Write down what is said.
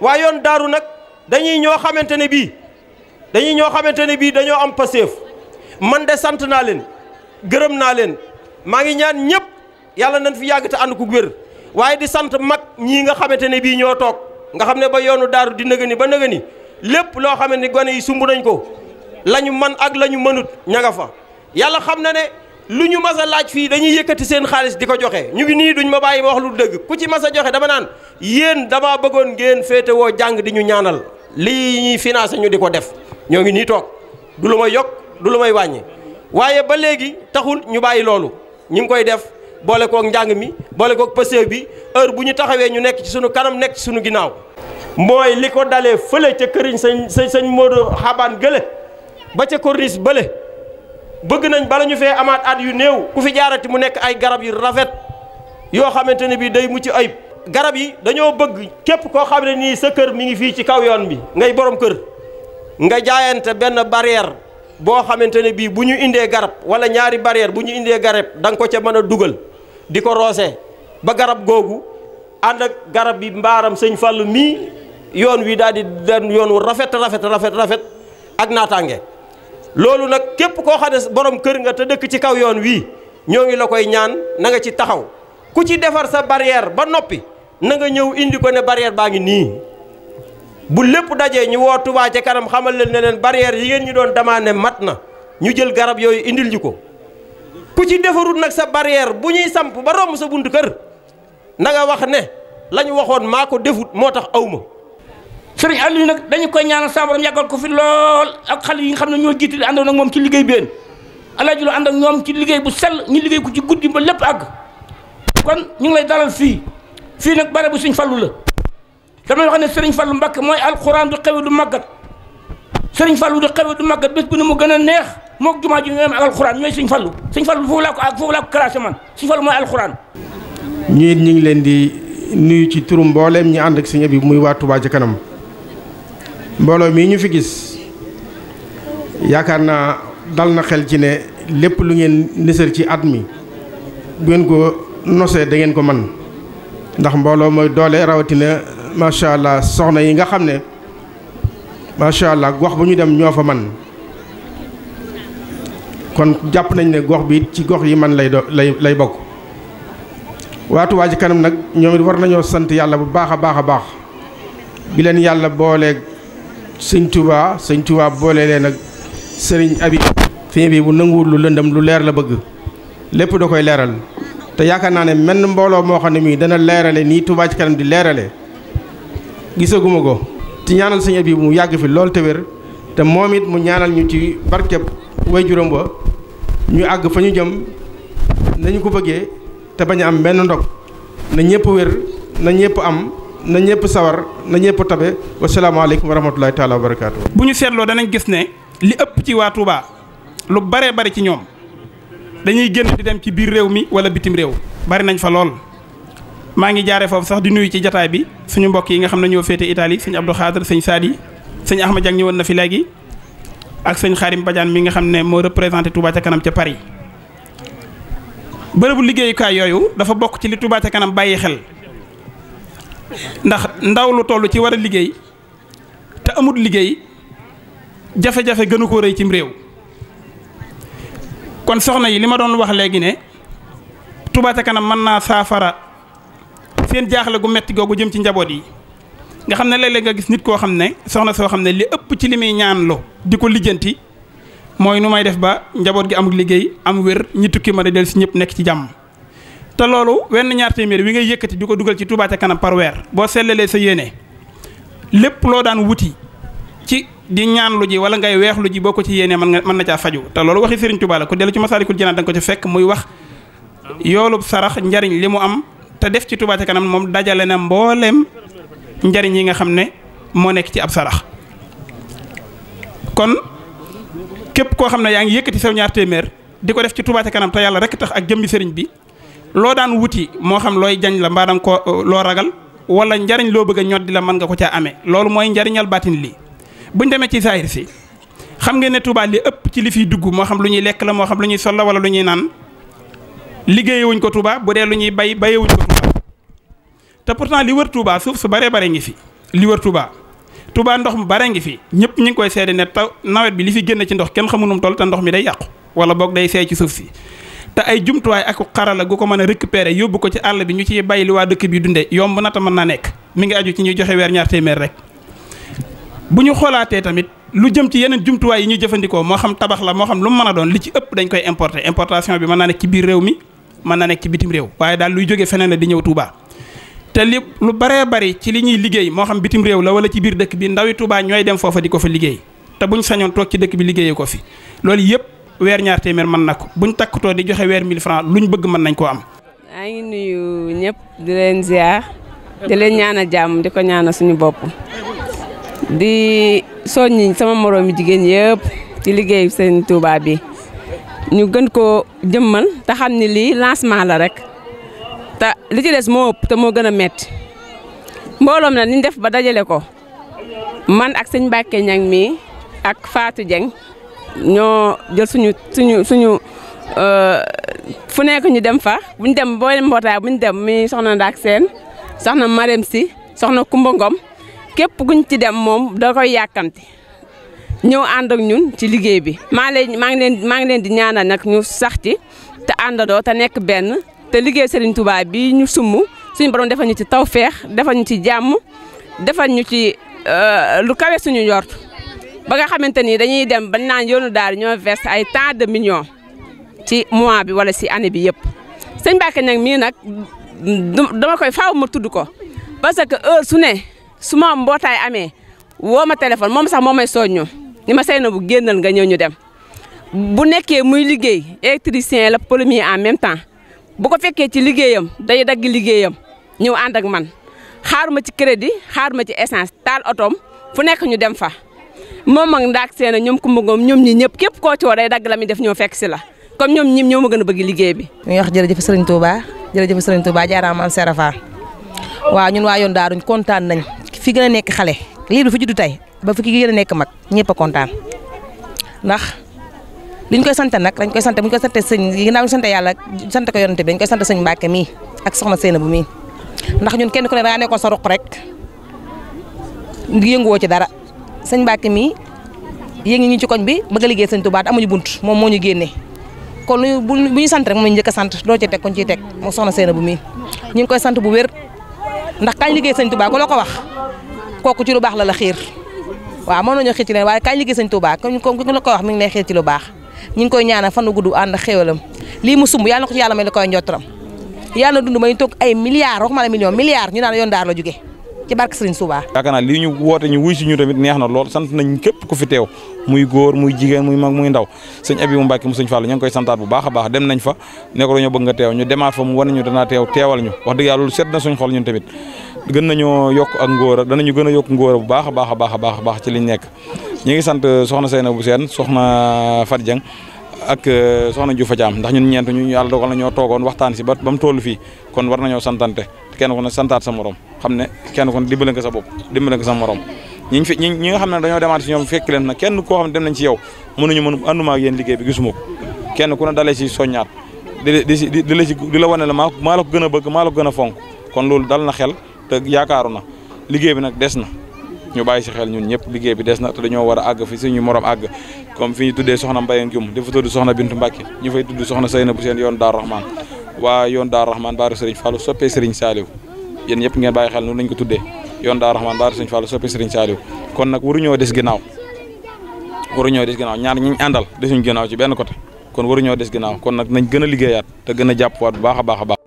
waa yoon daaru nag dañuy ñoo xamante ne bii dañuy ñoo xamante ne bii dañoo am paseef man de sant naa leen gërëm naa leen maa ngi ñaan ñëpp yàlla nañ fi yàgg te ànd ku wér waaye di sant mag ñii nga xamante ne bii ñoo toog nga xam ne ba yoonu daaru di nëgëni ba nëgëni lépp loo xamante ne gone yi sumb nañ ko lañu man ak lañu mënut ña nga yàlla xam na ne lu ñu mas a laaj fii dañuy yëkkati seen xaalis di ko joxe ñu ngi nii duñ ma bàyyi wax lu dëgg ku ci mas a joxe dama naan yéen damaa bëggoon ngeen féetewoo jàng di ñu ñaanal lii ñuy ñu di ko def ñoo ngi nii toog du lu ma yokk du lu may wàññi waaye ba léegi taxul ñu bàyyi loolu ñu ngi koy def boole kook njàng mi boole kook pësew bi heure bu ñu taxawee ñu nekk ci sunu kanam nekk ci sunu ginnaaw mooy li ko dalee fële ca këriñ sañ sañ sañ Modou Xabaan gële ba ca corniche bële bëgg nañ bala ñu fee amaat at yu néew ku fi jaarati mu nekk ay garab yu rafet yoo xamante ne bii day mucc ayib garab yi dañoo bëgg képp koo xam ne nii sa kër mi ngi fii ci kaw yoon bi ngay boroom kër nga jaayante benn barrière boo xamante ne bii bu ñu indee garab wala ñaari barrière bu ñu indee garab danga ko ca mën a dugal di ko roose ba garab googu ànd ak garab bi mbaaram sëñ fàll mii yoon wi daal di den yoon wu rafet rafet rafet rafet ak naataange. loolu nag képp koo xam ne borom kër nga te dëkk ci kaw yoon wii ñoo ngi la koy ñaan na nga ci taxaw ku ci defar sa barrière ba noppi na nga ñëw indi ko ne barrière baa ngi nii bu lépp dajee ñu woo Touba ca kanam xamal leen ne leen barrière yi ngeen ñu doon demandé mat na ñu jël garab yooyu indil ñu ko ku ci defarul nag sa barrière bu ñuy samp ba romb sa buntu kër na nga wax ne la ñu waxoon maa ko defut moo tax awma sëriñ Aliou nag dañu koy ñaanal saa borom yàggal ko fi lool ak xale yi nga xam ne ñoo jiital àndoon ak moom ci liggéey benn alaaji la ànd ak ñoom ci liggéey bu sell ñu liggéey ko ci guddi ba lépp àgg kon ñu ngi lay dalal fii fii nag bare bu suñ fallu la damay wax ne sëriñ fallu mbakk mooy alxuraan du xewe du màggat sëriñ falu du xewe du màggat bés bu ne mu gën a neex moo jumaa ji ñoom ak alxuraan ñooy suñ fallu suñ fallu foofu laa ko ak foofu laa ko classé man suñ fallu mooy ñu ñu ngi leen di nuyu ci turu mbooleem ñu ànd bi muy waa Touba mbooloo mii ñu fi gis yaakaar naa dal na xel ci ne lépp lu ngeen nisër ci at mi bu ngeen ko nosee da ngeen ko man ndax mbooloo mooy doole rawatina macha allah soxna yi nga xam ne macha allah gox bu ñu dem ñoo fa man kon jàpp nañ ne gox bi ci gox yi man lay do lay lay bokk waatu waa ci kanam nag ñoom it war nañoo sant yàlla bu baax a baax a baax yàlla booleek sëñ tubaa sëñ Touba boole leen ak sëriñ Abi fi bi bu nanguwul lu lëndam lu leer la bëgg lépp da koy leeral te yaakaar naa ne menn mbooloo moo xam ne mii dana leerale nii Touba ci kanam di leerale gisaguma ko ci ñaanal sëñ Abi mu yàgg fi lool te wér te moom it mu ñaanal ñu ci barkeb waajuram ba ñu àgg fa ñu jëm nañu ko bëggee te bañ a am benn ndog na ñëpp wér na ñëpp am na ñëpp sawar na ñëpp tabe wasalaamaaleykum wa rahmatulahi taala wa barakaatu. bu ñu seetloo danañ gis ne li ëpp ci waa Touba lu baree bari ci ñoom dañuy génn di dem ci biir réew mi wala bitim réew bari nañ fa lool. maa ngi jaare foofu sax di nuyu ci jataay bi suñu mbokk yi nga xam ne ñoo féete Italie sëñ Abdou Khadre sañ Sadi sëñ Ahmad Diagne ñëwoon na fi léegi ak sëñ Xarim Badiane mi nga xam ne moo représenté Touba ca kanam ca Paris bërëbu liggéeyukaay yooyu dafa bokk ci li Touba ca kanam bàyyi xel. ndax ndaw lu toll ci war a liggéey te amut liggéey jafe-jafe gënu ko rëy cim réew kon soxna yi li ma doon wax léegi ne Touba ca kanam mën naa saafara seen jaaxle gu metti googu jëm ci njaboot yi nga xam ne léeg-léeg nga gis nit koo xam ne soxna soo xam ne li ëpp ci li muy ñaan lo di ko lijjanti mooy nu may def ba njaboot gi amul liggéey am wér ñi tukki ma a del si ñëpp nekk ci jàmm te loolu wenn ñaar téeméer wi ngay yëkkati di ko dugal ci Touba ca kanam par boo sellalee sa yéene lépp loo daan wuti ci di ñaan lu ji wala ngay weex lu ji boo ko ci yéene man nga mën na caa faju te loolu waxi Serigne Touba la ku dellu ci Masaalikul Jinaan da ko ci fekk muy wax yoolub sarax njariñ li mu am te def ci Touba ca kanam moom dajale na mbooleem njariñ yi nga xam ne moo nekk ci ab sarax kon képp koo xam ne yaa ngi yëkkati saw ñaar téeméer di ko def ci Touba kanam te yàlla tax ak jëmbi sëriñ bi loo daan wuti moo xam looy jañ la mbaadam ko euh, loo ragal wala njariñ loo bëgg a ñoddi la mën nga ko caa amee loolu mooy njariñal baatin li buñ demee ci saayir si xam nga ne Touba li ëpp ci li fiy dugg moo xam lu ñuy lekk la moo xam lu ñuy sol la wala lu ñuy naan liggéeyewuñ ko Touba bu dee lu ñuy bay bayewuñ ko Touba te pourtant li wër tubaa suuf su baree bare ngi fi li wër tubaa Touba ndox mu bare ngi fi ñëpp ñu ngi koy seede ne taw nawet bi li fi génn ci ndox kenn xamu nu toll te ndox mi day yàqu wala boog day seey ci suuf si te ay jumtuwaay ak xarala gu ko mën a récupérer yóbbu ko ci àll bi ñu ciy bàyyi li waa dëkk bi dunde yomb na te mën na nekk mi ngi aju ci ñuy joxe weer ñaar rek bu ñu xoolaatee tamit lu jëm ci yeneen jumtuwaay yi ñu jëfandikoo moo xam tabax la moo xam lu mu mën a doon li ci ëpp dañ koy importer importation bi mën naa nekk ci biir réew mi mën naa nekk ci bitim réew waaye daal luy jógee feneen la di ñëw Touba te li lu baree bari ci li ñuy liggéey moo xam bitim réew la wala ci biir dëkk bi ndawi Touba dem foofa di ko fa liggéey te buñ sañoon ci dëkk bi liggéeyee ko fi loolu yëpp weer ñaar téeméer man na ko buñ takkatoo di joxe weer 1000 francs ñu bëgg mën nañ ko am. ay ngi nuyu ñëpp di leen ziar di leen ñaan a jàmm di ko ñaanal suñu bopp di soññi sama moroomi jigéen yëpp ci liggéey seen Touba bi ñu gën ko jëmmal te xam ni lii lancement la rek te li ci des moo ëpp te moo gën a metti mbooloom na ni def ba dajale ko man ak sëñ Mbacke Niang mi ak Fatou jeng ñoo jël suñu suñu suñu euh, fu nekk ñu dem fa bu ñu dem boo leen mbootaay buñ dem mi soxna Ndak Sène soxna Marème Sy soxna Kumba Ngom képp kuñ ci dem moom da koy yàkkamti ñëw ànd ak ñun ci liggéey bi. maa leen maa ngi leen maa ngi leen di ñaanal nag ñu sax ci te àndadoo te nekk benn te liggéey Serigne tubaab bi ñu summ suñu borom defal ñu ci tawféex defal ñu ci jàmm defal ñu ci euh, lu kawe suñu yort. ba nga xamante ni dañuy dem ba naa yoonu daara ñoo verse ay tant de millions ci mois bi wala si année bi yëpp sëñ Mbacke nag mii nag dama koy faaw ma tudd ko parce que su ne su ma mbootaay amee woo ma téléphone moom sax moo may soññu ñi ma sey na bu génnal nga ñëw ñu dem bu nekkee muy liggéey électricien la plombier en même temps bu ko fekkee ci liggéeyam day dagg liggéeyam ñëw ànd ak man ma ci crédit ma ci essence taal otoom fu nekk ñu dem fa moom ak ndaak seena ñoom Kumba Ngom ñoom ñi ñëpp képp koo ci woo day la mi def ñoo fekk si la comme ñoom ñim ñoo ma gën a bëgg liggéey bi ñu ngi wax jërëjëf sëriñ Touba jërëjëf sëriñ Touba jaaraama am serafa waaw ñun waa yoon daaruñ kontaan nañ fii gën nekk xale lii du fi juddu tey ba fi gën a nekk mag ñëpp kontaan ndax liñ koy sant nag dañ koy sant buñ koy sante sëñ ginnaaw ñu sante yàlla sant ko yonante bi dañ koy sant sëñ Mbàkke mii ak soxna Seyna bu mii ndax ñun kenn ku ne daa nekkoon sa ruq rek yënguwoo ci dara sëñ Mbacke mii yéen ngi ñu ci koñ bi bëgg a liggéey sëñ Touba amuñu bunt moom moo ñu génnee kon lu bu ñu sant rek moom la ñu njëkk sant doo ci teg kon ciy teg moo soxna Seyna bu mii ñu ngi koy sant bu wér ndax kañ liggéey sëñ Touba ku la ko wax kooku ci lu baax la la xiir waaw mën nañoo xiir ci leen ko wax mi ngi lay xiir ci lu baax ñu ngi koy ñaanal fan gudd ànd xéwalam lii mu sumb yàlla na ko ci yàlla may la koy njottoram yàlla na dund may toog ay milliards waxuma la million milliards ñu naan yoon daar la jóge ci barke Serigne Touba. yaakaar naa lii ñu woote ñu wuy si ñu tamit neex na lool sant nañ képp ku fi teew muy góor muy jigéen muy mag muy ndaw sëñ Abibu Mbàkke mu sëñ Fallu ñu ngi koy santaat bu baax a baax dem nañ fa ne ko dañoo bëgg nga teew ñu demaat fa mu wane ñu danaa teew teewal ñu wax dëgg yàlla loolu set na suñ xol ñun tamit gën nañoo yokk ak ngóora ñu gën a yokk ngóora bu baax a baax a baax a baax ci liñ nekk ñu ngi sant soxna Seynabou Sène soxna Fat Dieng ak euh, soxna Juufa Jaam ndax ñun ñeent ñu yàlla dogal na ñoo toogoon waxtaan si ba ba mu toll fii kon war nañoo santante kenn ku ne santaat sa morom xam ne kenn ku ne dimbale nga sa bopp dimbale nga sa morom ñi fi ñi nga xam ne dañoo demaat si ñoom fekk leen na kenn koo xam ne dem nañ si yow mënuñu mën ànduma ak yéen liggéey bi gisuma kenn ku ne dalee si soññaat di di di la si la wane la maa maa la ko gën a bëgg maa la ko gën a fonk kon loolu dal na xel te yaakaaru na liggéey bi nag des na ñu bàyyi si xel ñun ñëpp liggéey bi des na te dañoo war a àgg fi suñu morom àgg comme fi ñu tuddee soxna Mbaye Ndioum di fa tudd soxna Bintu Mbacke ñu fay tudd soxna Seyna bu seen yoon Daaru Rahman waa yoon Daaru Rahman baaru Serigne Fallou soppee Serigne Saliou yéen ñëpp ngeen bàyyi xel noonu lañ ko tuddee yoon Daaru Rahman baaru Serigne Fallou soppee Serigne Saliou kon nag waruñoo des ginnaaw waruñoo des ginnaaw ñaar ñi ñu àndal desuñ ginnaaw ci benn côté kon waruñoo des ginnaaw kon nag nañ gën a liggéeyaat te gën a jàppuwaat bu a baax a baax